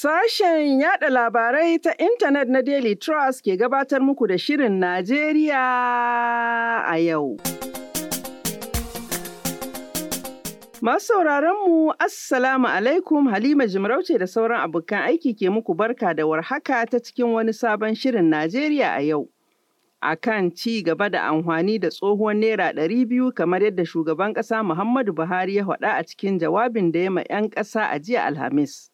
Sashen yada labarai ta intanet na Daily Trust ke gabatar muku da Shirin Najeriya a yau. Masu mu Assalamu alaikum Halima Jimarauce da sauran abokan aiki ke muku barka da warhaka ta cikin wani sabon Shirin Najeriya a yau. A kan ci gaba da amfani da tsohuwar Naira ɗari biyu kamar yadda shugaban ƙasa Muhammadu Buhari ya faɗa a cikin jawabin da ya ma 'yan ƙasa a jiya Alhamis.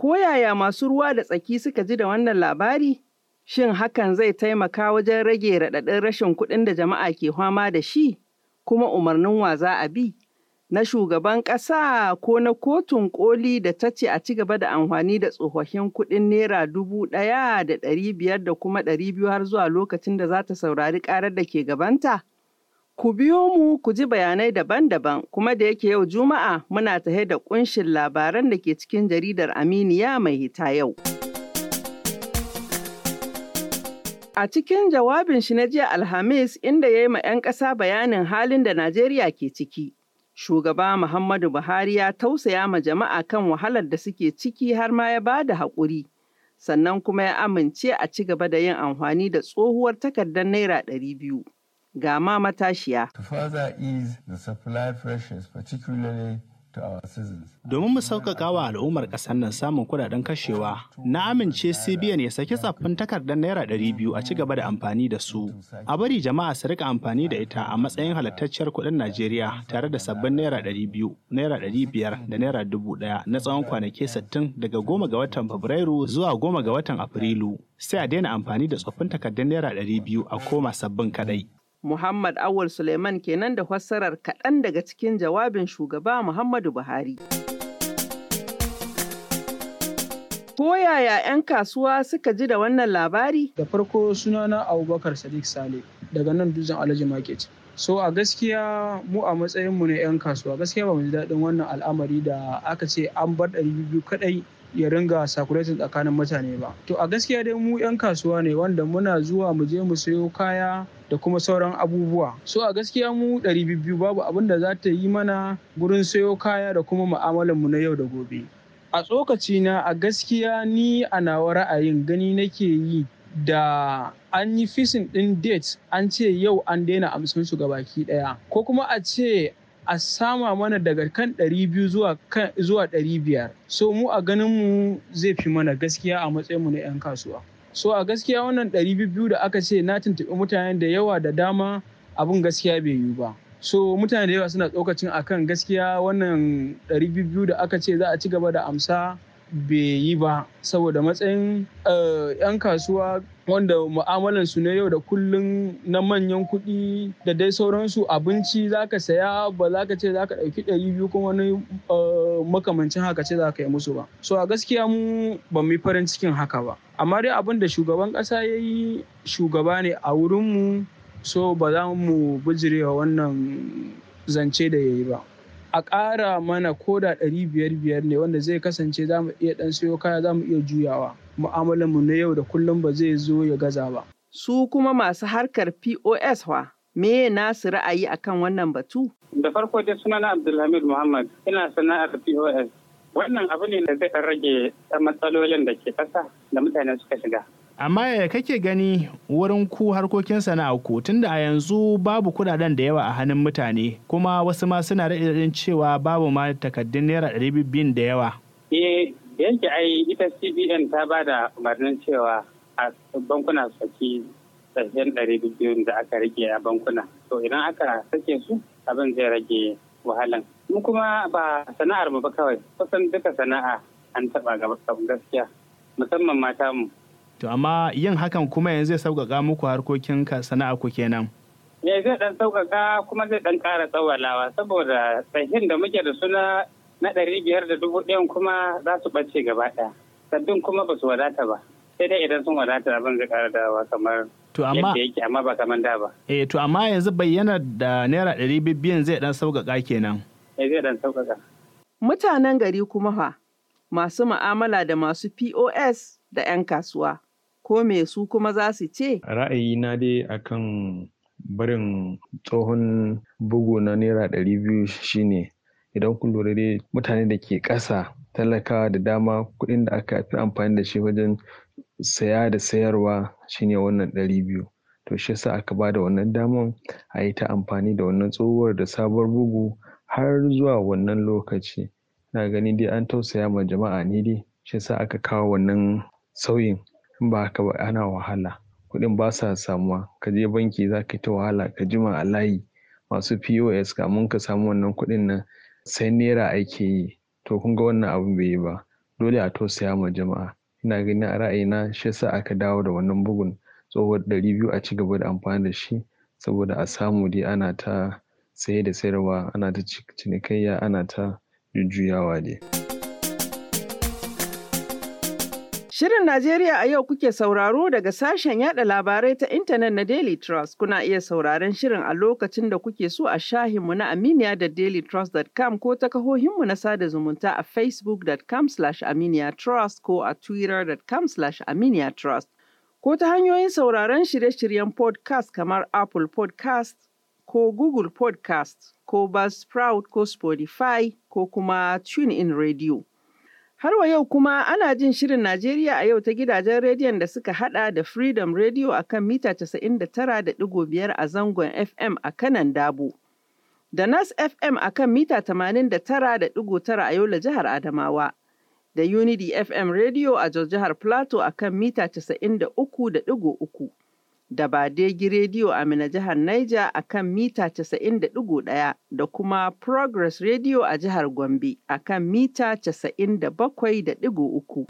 Ko yaya masu ruwa da tsaki suka ji da wannan labari? Shin hakan zai taimaka wajen rage raɗaɗin rashin kuɗin da jama'a ke fama da shi? Kuma umarnin wa za a bi? Na shugaban ƙasa ko na kotun ƙoli da ta ce a ci gaba da amfani da tsofaffin kuɗin naira dubu ɗaya da ɗari biyar da kuma ɗari biyu har zuwa lokacin da za ta saurari ƙarar da ke gabanta? Ku biyo mu ku ji bayanai daban-daban kuma da yake yau Juma'a muna tahe da kunshin labaran da ke cikin jaridar Aminiya mai hita yau. A cikin jawabin shi na jiya Alhamis inda ya yi ma 'yan ƙasa bayanin halin da Najeriya ke ciki. Shugaba Muhammadu Buhari ya tausaya ma jama'a kan wahalar da suke ciki har ma ya ba da haƙuri. Sannan kuma ya amince a ci gaba da yin amfani da tsohuwar takardar Naira ɗari ga ma matashiya. Domin mu sauƙaƙa wa al'ummar ƙasar nan samun kuɗaɗen kashewa, na amince CBN ya saki tsaffin takardar Naira ɗari biyu a ci gaba da amfani da su. A bari jama'a su rika amfani da ita a matsayin halittacciyar kuɗin Najeriya tare da sabbin Naira ɗari biyu, Naira ɗari biyar da Naira dubu ɗaya na tsawon kwanaki sittin daga goma ga watan Fabrairu zuwa goma ga watan Afrilu. Sai a daina amfani da tsoffin takardar Naira ɗari biyu a koma sabbin kaɗai. Muhammad Awul Suleiman kenan da fassarar kaɗan daga cikin jawabin shugaba Muhammadu Buhari. Ko yaya 'yan kasuwa suka ji da wannan labari? Da farko sunana Abubakar Sadiq Sale daga nan dutsen Alhaji Market. So a gaskiya mu a matsayinmu na 'yan kasuwa gaskiya ba mu ji daɗin wannan al'amari da aka ce an bar ɗari biyu kaɗai ya ringa circulating tsakanin mutane ba. To a gaskiya dai mu 'yan kasuwa ne wanda muna zuwa mu je mu sayo kaya da kuma sauran abubuwa. So a gaskiya mu ɗari biyu babu abin da za ta yi mana gurin sayo kaya da kuma mu'amalar mu na yau da gobe. A tsokaci na a gaskiya ni a nawa ra'ayin gani nake yi da an yi fisin ɗin date an ce yau an daina amsan su baki ɗaya ko kuma a ce a sama mana daga kan 200 zuwa zuwa 500 so mu a ganin mu zai fi mana gaskiya a matsayin mu na 'yan kasuwa so a gaskiya wannan 200 da aka ce na tuntuɓi mutane da yawa da dama abin gaskiya bai yiwu ba so mutane da yawa suna tsokacin akan gaskiya wannan 200 da aka ce za a ci gaba da amsa bai yi ba saboda matsayin eh, 'yan kasuwa wanda mu'amalan su ne yau da kullun na manyan kuɗi da dai sauransu abinci za ka saya ba za ka ce za ka ɗauki ɗari biyu kuma wani eh, makamancin haka ce za ka yi musu ba so a gaskiya mu ba mu yi farin cikin haka ba amma dai abin da shugaban ƙasa ya yi shugaba ne a wurinmu so ba za mu bijirewa wannan zance da ya yi ba a ƙara mana koda ɗari biyar biyar ne wanda zai kasance za mu iya ɗan siyo kaya za mu iya juyawa mu'amalar mu na yau da kullum ba zai zo ya gaza ba. Su kuma masu harkar POS wa me nasu ra'ayi akan wannan batu? Da farko dai suna na Abdulhamid Muhammad ina sana'ar POS. Wannan abu ne da zai rage matsalolin da ke ƙasa da mutane suka shiga. amma yaya kake gani wurin ku harkokin sana'a ku tunda a yanzu babu kudaden da yawa a hannun mutane kuma wasu ma suna raɗaɗin cewa babu ma takaddun naira ɗari da yawa. eh yanke ai ita cbn ta ba da umarnin cewa a bankuna saki sahihin ɗari biyun da aka rage a bankuna to idan aka sake su abin zai rage wahalan mu kuma ba sana'ar mu ba kawai kusan duka sana'a an taɓa gaba gaskiya musamman mata mu to amma yin hakan kuma yanzu zai sauƙaƙa muku harkokin sana'a ku kenan me zai dan sauƙaƙa kuma zai dan ƙara tsawalawa saboda tsahin da muke da suna na ɗari biyar da dubu ɗayan kuma za su ɓace gaba ɗaya sabbin kuma ba su wadata ba sai dai idan sun wadata abin zai ƙara dawa kamar to amma yake amma ba kamar da ba eh to amma yanzu bayyana da naira ɗari biyan zai dan sauƙaƙa kenan Me eh, zai dan sauƙaƙa mutanen gari kuma fa masu ma'amala da masu POS da 'yan kasuwa ko me su kuma za su ce? na dai akan barin tsohon bugu na naira ɗari biyu shine idan kun lura dai mutane da ke ƙasa talakawa da dama kuɗin da aka fi amfani da shi wajen saya da sayarwa shine wannan ɗari biyu to shi yasa aka ba da wannan daman a yi ta amfani da wannan tsohuwar da sabuwar bugu har zuwa wannan lokaci na gani dai an tausaya ma jama'a ne dai shi yasa aka kawo wannan sauyin in ba haka ba ana wahala kuɗin ba sa samuwa ka je banki za ka yi ta wahala ka jima a layi masu pos kamun ka samu wannan kuɗin nan sai naira ake yi to kun ga wannan abun bai yi ba dole a tausaya ma jama'a ina ganin a ra'ayina shi yasa aka dawo da wannan bugun tsohuwar ɗari biyu a ci gaba da amfani da shi saboda a samu dai ana ta saye da sayarwa ana ta cinikayya ana ta jujjuyawa dai. Shirin Najeriya a yau kuke sauraro daga sashen yada labarai ta intanet na Daily Trust. Kuna iya sauraron shirin a lokacin da kuke so a shahinmu na Aminiya da dailytrust.com ko ta kahohinmu na sada zumunta a facebook.com slash aminiyatrust ko a twitter.com slash aminiyatrust. Ko ta hanyoyin sauraron shirye-shiryen podcast kamar Apple podcast ko Google podcast ko Buzzsprout ko Spotify ko kuma TuneIn Radio. Har wa yau kuma ana jin shirin Najeriya a yau ta gidajen rediyon da suka hada da Freedom Radio a kan mita 99.5 a zangon FM a kanan Dabo. Da Nas FM a kan mita 89.9 a Yola jihar Adamawa. Da Unity FM Radio a jihar Plateau a kan mita 93.3. da Badegi Radio a Mina jihar Niger a kan mita 90.1 da kuma Progress Radio a jihar Gombe a kan mita 97.3.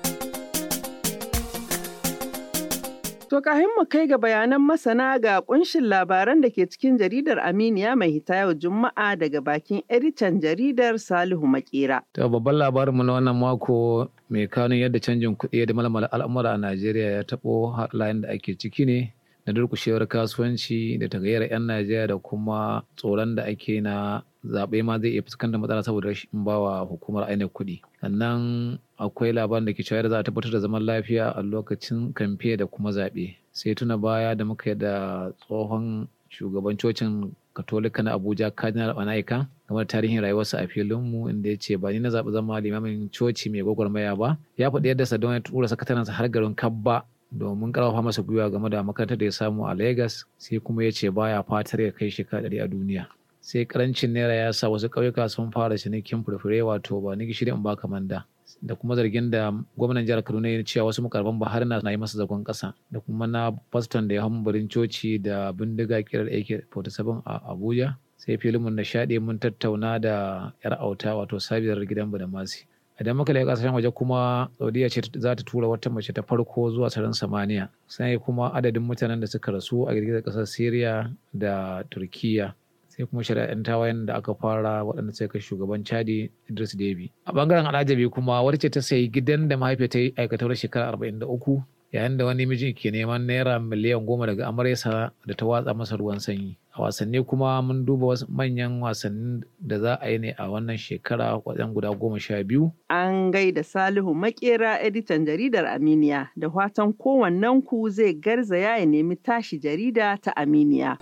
To kahin mu kai ga bayanan masana ga kunshin labaran da ke cikin jaridar Aminiya mai hita yau Juma'a daga bakin editan jaridar Salihu Makera. To babban labarin mu na wannan mako mai kanun yadda canjin kuɗi da malamal al'amura a Najeriya ya taɓo halayen da ake ciki ne na durkushewar kasuwanci da tagayyar 'yan Najeriya da kuma tsoron da ake na zaɓe ma zai iya fuskantar matsala saboda rashin bawa hukumar INEC kuɗi. Sannan akwai labarin da ke cewa za a tabbatar da zaman lafiya a lokacin kamfe da kuma zaɓe. Sai tuna baya da muka da tsohon shugaban cocin katolika na abuja cardinal onaika game da tarihin rayuwarsa a filinmu inda ya ce ba ni na zaɓi zama limamin coci mai gwagwarmaya ba ya faɗi yadda don ya tura sakatarensa har garin kabba domin karfafa masa gwiwa game da makarantar da ya samu a Legas sai kuma ya ce baya fatar ya kai shekara ɗari a duniya. Sai karancin naira ya sa wasu ƙauyuka sun fara cinikin furfure wato ba ni gishiri in ba manda. Da kuma zargin da gwamnan jihar Kaduna ya cewa wasu mukarban bahari na yi masa zagon ƙasa da kuma na Boston da ya hambarin coci da bindiga kirar AK-47 a Abuja. Sai filimin na shaɗe mun tattauna da 'yar auta wato sabiyar gidan Badamasi. idan muka lai kasashen waje kuma saudiya ce za ta tura wata mace ta farko zuwa sararin samaniya sai kuma adadin mutanen da suka rasu a girgizar kasar syria da turkiya sai kuma shari'an tawayen da aka fara waɗanda suka kai shugaban chadi idris debi a bangaren al'ajabi kuma wata ce ta sayi gidan da mahaifiyar ta yi aikatawar shekara uku. yayin da wani mijin ke neman naira miliyan goma daga amaryarsa da ta watsa masa ruwan sanyi a wasanni kuma mun duba wasu manyan wasannin da za a yi ne a wannan shekara wajen guda goma sha biyu an gaida salihu makera editan jaridar aminiya da watan kowannen ku zai garza ya nemi tashi jarida ta aminiya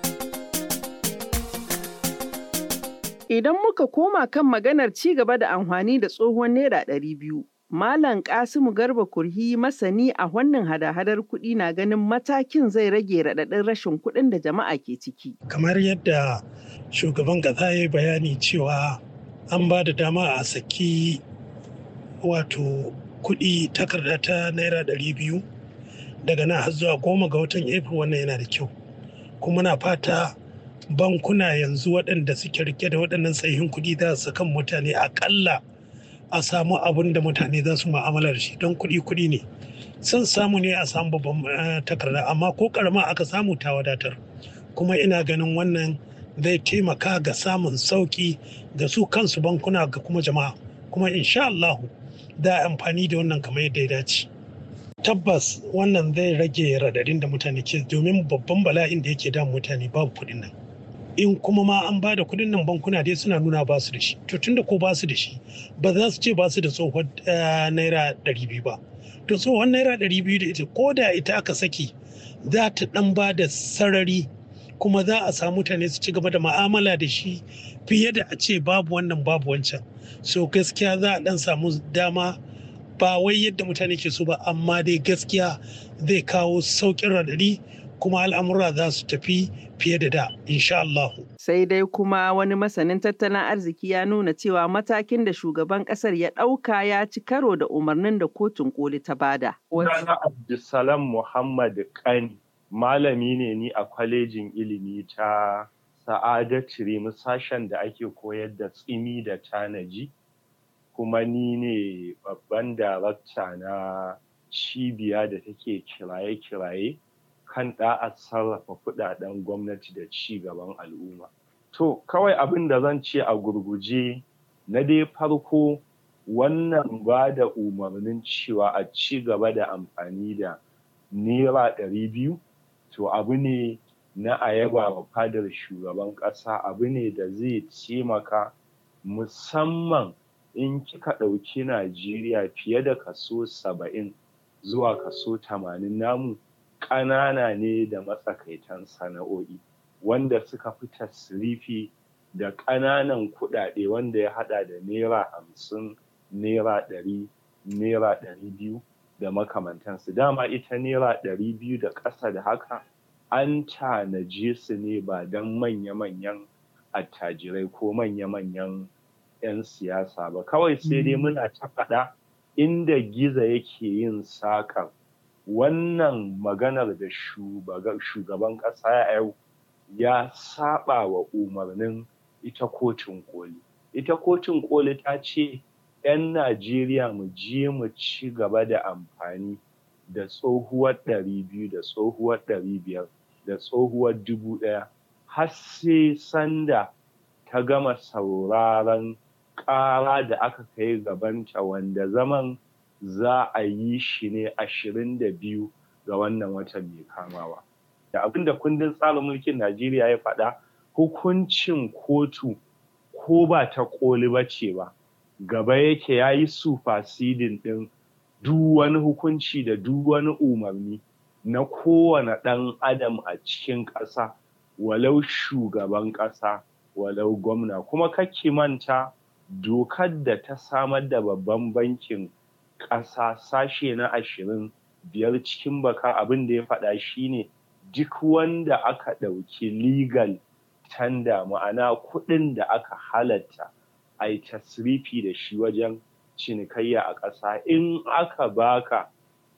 Idan muka koma kan maganar ci gaba da amfani da tsohon Naira ɗari biyu, Malam Kasimu Garba Kurhi masani a wannan hada-hadar kuɗi na ganin matakin zai rage raɗaɗin rashin kuɗin da jama'a ke ciki. Kamar yadda shugaban ƙasa ya bayani cewa an ba da dama a saki wato kuɗi takarda ta naira ɗari biyu daga nan har zuwa goma ga watan april wannan yana da kyau kuma na fata bankuna yanzu waɗanda suke rike da waɗannan sahihin kuɗi za su kan mutane aƙalla a samu abin da mutane za su ma'amala shi don kuɗi kuɗi ne sun samu ne a samu babban eh, takarda amma ko karama aka samu ta wadatar kuma ina ganin wannan zai taimaka ga samun sauƙi ga su kansu bankuna ga kuma jama'a kuma insha Allah da amfani da wannan kamar yadda ya dace tabbas wannan zai rage radadin da mutane ke domin babban bala'in da yake da mutane babu kuɗin nan in kuma ma an ba da kuɗin nan bankuna dai suna nuna ba su da shi to tunda ko ba su da shi ba za su ce ba su da tsohon eh, naira ɗari biyu ba to tsohon naira ɗari biyu da ita ko da ita aka saki za ta ɗan ba da sarari kuma za a samu mutane su ci gaba da ma'amala da shi fiye da a ce babu wannan babu wancan so gaskiya za a ɗan samu dama ba wai yadda mutane ke so ba amma dai gaskiya zai kawo sauƙin radadi kuma al'amura za su tafi fiye da da insha Allah. Sai dai kuma wani masanin tattalin arziki ya nuna cewa matakin da shugaban kasar ya ɗauka ya ci karo da umarnin da kotun koli ta bada. Wani Abdulsalam Muhammad Kani malami ne ni a kwalejin ilimi ta Sa'ada Cirimi sashen da ake koyar da tsimi da tanaji kuma ni ne babban darakta na cibiya da take kiraye-kiraye kan a sarrafa kuɗaɗen gwamnati da ci gaban al'umma. To, kawai abin da zan ce a gurguje na dai farko wannan ba da umarnin cewa a ci gaba da amfani da nera ɗari biyu, to abu ne na a yaba wa fadar shugaban ƙasa abu ne da zai taimaka musamman in kika ɗauki Najeriya fiye da kaso saba'in zuwa kaso tamanin namu. ƙanana ne da matsakaitan sana'o'i wanda suka fi tasrifi da ƙananan kuɗaɗe wanda ya haɗa da naira hamsin naira ɗari naira ɗari biyu da makamantansu dama ita naira ɗari biyu da ƙasa da haka an tanaje su ne ba don manya-manyan attajirai ko manya-manyan 'yan siyasa ba kawai sai dai mm. muna ta faɗa inda giza yake yin saƙar. wannan maganar da shugaban ƙasa yau ya saba wa umarnin ita kotun koli ita kotun koli ta ce 'yan najeriya mu je mu ci gaba da amfani da tsohuwar ɗari biyu da tsohuwar ɗari biyar da tsohuwar dubu ɗaya har sai sanda ta gama sauraron ƙara da aka kai gabanta wanda zaman za a yi shi ne ashirin da biyu ga wannan watan mai kamawa. Da abin da kundin tsarin mulkin Najeriya ya faɗa hukuncin kotu ko ba ta ƙoli ba ce ba, gaba yake ya yi supersedin ɗin duk wani hukunci da duk wani umarni na kowane ɗan adam a cikin ƙasa, walau shugaban ƙasa, walau gwamna. Kuma kake manta dokar da ta samar da babban bankin ƙasa sashe na ashirin biyar cikin baka abin da ya faɗa shine duk wanda aka ɗauki legal tanda ma'ana kuɗin da aka halatta a yi tasrifi da shi wajen cinikayya a ƙasa in aka baka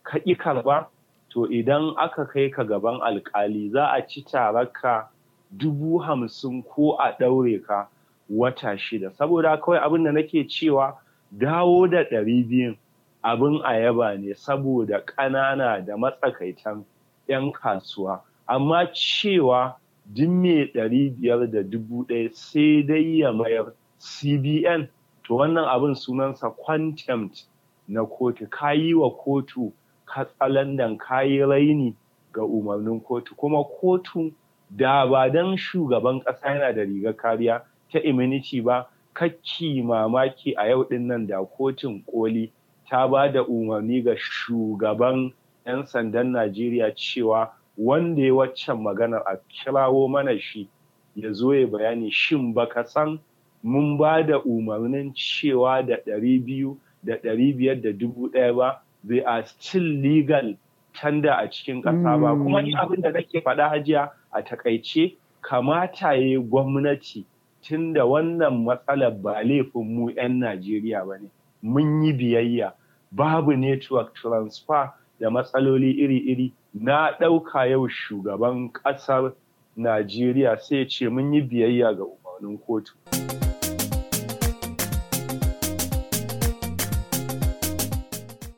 ka ƙi karba to idan aka kai ka gaban alkali za a ci tararka dubu hamsin ko a ɗaure ka wata shida saboda kawai abin da nake cewa dawo da ɗari biyun abin ayaba ne saboda ƙanana da matsakaitan 'yan kasuwa amma cewa duk ɗari biyar da dubu ɗaya sai dai ya mayar cbn to wannan abin sunansa contempt na kotu ka yi wa kotu katsalandan ka yi raini ga umarnin kotu kuma kotu da ba don shugaban ƙasa yana da rigar kariya ta immunity ba kakki mamaki a yau ɗin nan da kotun koli ta ba da umarni ga shugaban 'yan sandan Najeriya cewa wanda ya waccan maganar a kirawo mana shi ya zo ya bayani shin baka san mun ba da umarnin cewa da ɗari biyu da ɗari biyar da dubu ɗaya ba they are still legal tanda a cikin ƙasa ba kuma ni mm. abin da nake faɗa hajiya a takaice kamata ya yi gwamnati tun wannan matsalar ba laifin mu 'yan Najeriya ba ne mun yi biyayya babu network transfer da matsaloli iri-iri na ɗauka yau shugaban ƙasar najeriya sai ce mun yi biyayya ga umarnin kotu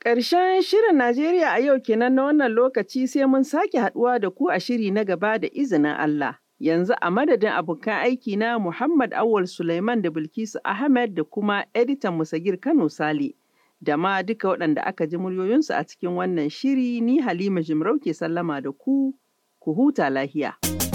Ƙarshen shirin Najeriya a yau kenan na wannan lokaci sai mun sake haɗuwa da ku a shiri na gaba da izinin Allah. yanzu a madadin abokan aiki na Muhammad Awul Suleiman da Bilkisu Ahmed da kuma editan Musagir Kano Sale. da ma duka waɗanda aka ji muryoyinsu a cikin wannan shiri ni Halima Jimarau ke sallama da ku, ku huta lahiya.